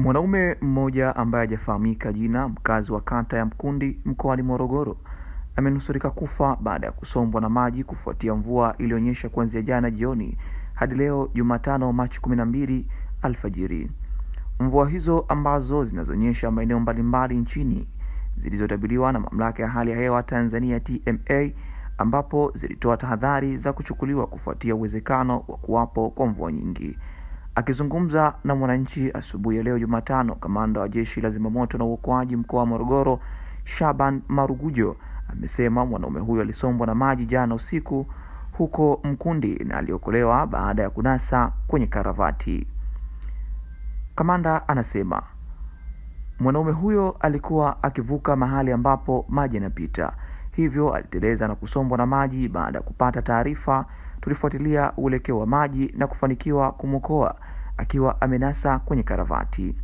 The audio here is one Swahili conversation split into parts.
Mwanaume mmoja ambaye hajafahamika jina, mkazi wa kata ya Mkundi mkoani Morogoro, amenusurika kufa baada ya kusombwa na maji kufuatia mvua iliyonyesha kuanzia jana jioni hadi leo Jumatano Machi 12 alfajiri. Mvua hizo ambazo zinazonyesha maeneo mbalimbali nchini zilizotabiriwa na Mamlaka ya Hali ya Hewa Tanzania TMA, ambapo zilitoa tahadhari za kuchukuliwa kufuatia uwezekano wa kuwapo kwa mvua nyingi. Akizungumza na mwananchi asubuhi ya leo Jumatano, kamanda wa jeshi la zimamoto na uokoaji mkoa wa Morogoro, Shaban Marugujo, amesema mwanaume huyo alisombwa na maji jana usiku huko Mkundi na aliokolewa baada ya kunasa kwenye karavati. Kamanda anasema mwanaume huyo alikuwa akivuka mahali ambapo maji yanapita, hivyo aliteleza na kusombwa na maji baada ya kupata taarifa tulifuatilia uelekeo wa maji na kufanikiwa kumwokoa akiwa amenasa kwenye karavati.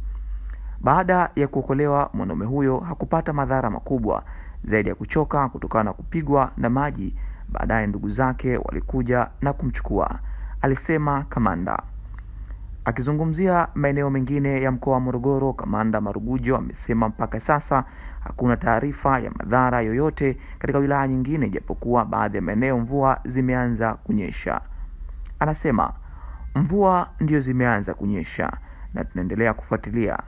Baada ya kuokolewa, mwanaume huyo hakupata madhara makubwa zaidi ya kuchoka kutokana na kupigwa na maji. Baadaye ndugu zake walikuja na kumchukua, alisema kamanda. Akizungumzia maeneo mengine ya mkoa wa Morogoro, Kamanda Marugujo amesema mpaka sasa hakuna taarifa ya madhara yoyote katika wilaya nyingine, japokuwa baadhi ya maeneo mvua zimeanza kunyesha. Anasema mvua ndio zimeanza kunyesha na tunaendelea kufuatilia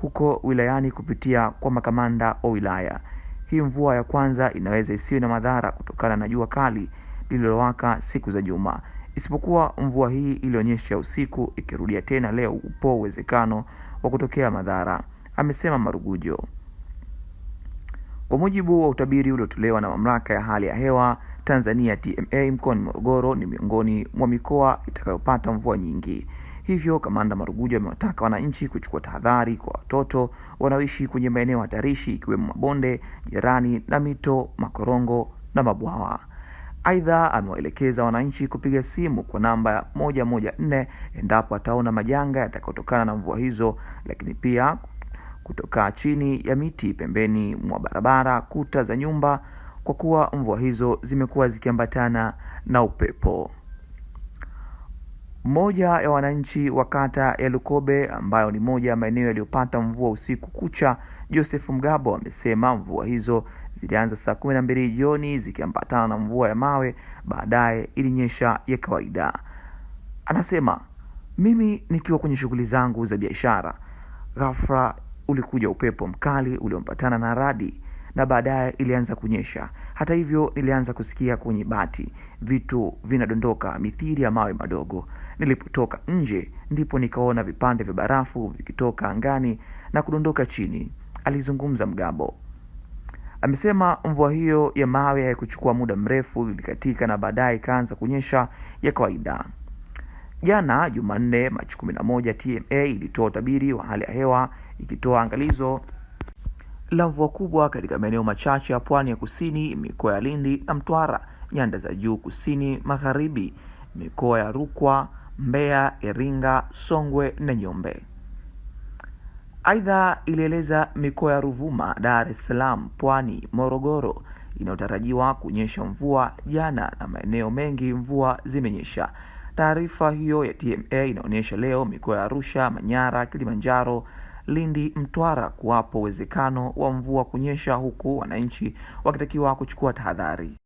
huko wilayani kupitia kwa makamanda wa wilaya. Hii mvua ya kwanza inaweza isiwe na madhara kutokana na jua kali lililowaka siku za juma, isipokuwa mvua hii ilionyesha usiku ikirudia tena leo, upo uwezekano wa kutokea madhara, amesema Marugujo. Kwa mujibu wa utabiri uliotolewa na mamlaka ya hali ya hewa Tanzania TMA, mkoani Morogoro ni miongoni mwa mikoa itakayopata mvua nyingi. Hivyo kamanda Marugujo amewataka wananchi kuchukua tahadhari kwa watoto wanaoishi kwenye maeneo hatarishi ikiwemo mabonde, jirani na mito, makorongo na mabwawa. Aidha, amewaelekeza wananchi kupiga simu kwa namba moja moja nne endapo ataona majanga yatakayotokana na mvua hizo, lakini pia kutoka chini ya miti pembeni mwa barabara, kuta za nyumba, kwa kuwa mvua hizo zimekuwa zikiambatana na upepo. Mmoja ya wananchi wa kata ya Lukobe ambayo ni moja ya maeneo yaliyopata mvua usiku kucha, Joseph Mgabo amesema mvua hizo zilianza saa kumi na mbili jioni zikiambatana na mvua ya mawe, baadaye ilinyesha ya kawaida. Anasema, mimi nikiwa kwenye shughuli zangu za biashara, ghafla ulikuja upepo mkali ulioambatana na radi na baadaye ilianza kunyesha. Hata hivyo, nilianza kusikia kwenye bati vitu vinadondoka mithiri ya mawe madogo. Nilipotoka nje, ndipo nikaona vipande vya barafu vikitoka angani na kudondoka chini, alizungumza Mgabo. Amesema mvua hiyo ya mawe haikuchukua muda mrefu, ilikatika na baadaye ikaanza kunyesha ya kawaida. Jana Jumanne, Machi 11, TMA ilitoa utabiri wa hali ya hewa ikitoa angalizo la mvua kubwa katika maeneo machache ya pwani ya kusini, mikoa ya Lindi na Mtwara, nyanda za juu kusini magharibi, mikoa ya Rukwa, Mbeya, Iringa, Songwe na nyombe Aidha, ilieleza mikoa ya Ruvuma, Dar es Salaam, Pwani, Morogoro inayotarajiwa kunyesha mvua jana na maeneo mengi mvua zimenyesha. Taarifa hiyo ya TMA inaonyesha leo mikoa ya Arusha, Manyara, Kilimanjaro, Lindi, Mtwara kuwapo uwezekano wa mvua kunyesha huku wananchi wakitakiwa kuchukua tahadhari.